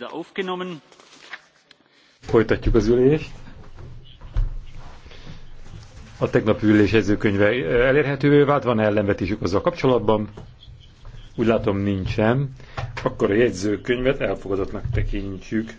wieder aufgenommen. Folytatjuk az ülést. A tegnapi ülés jegyzőkönyve elérhetővé vált, van -e ellenvetésük azzal kapcsolatban? Úgy látom nincsen. Akkor a jegyzőkönyvet elfogadottnak tekintjük.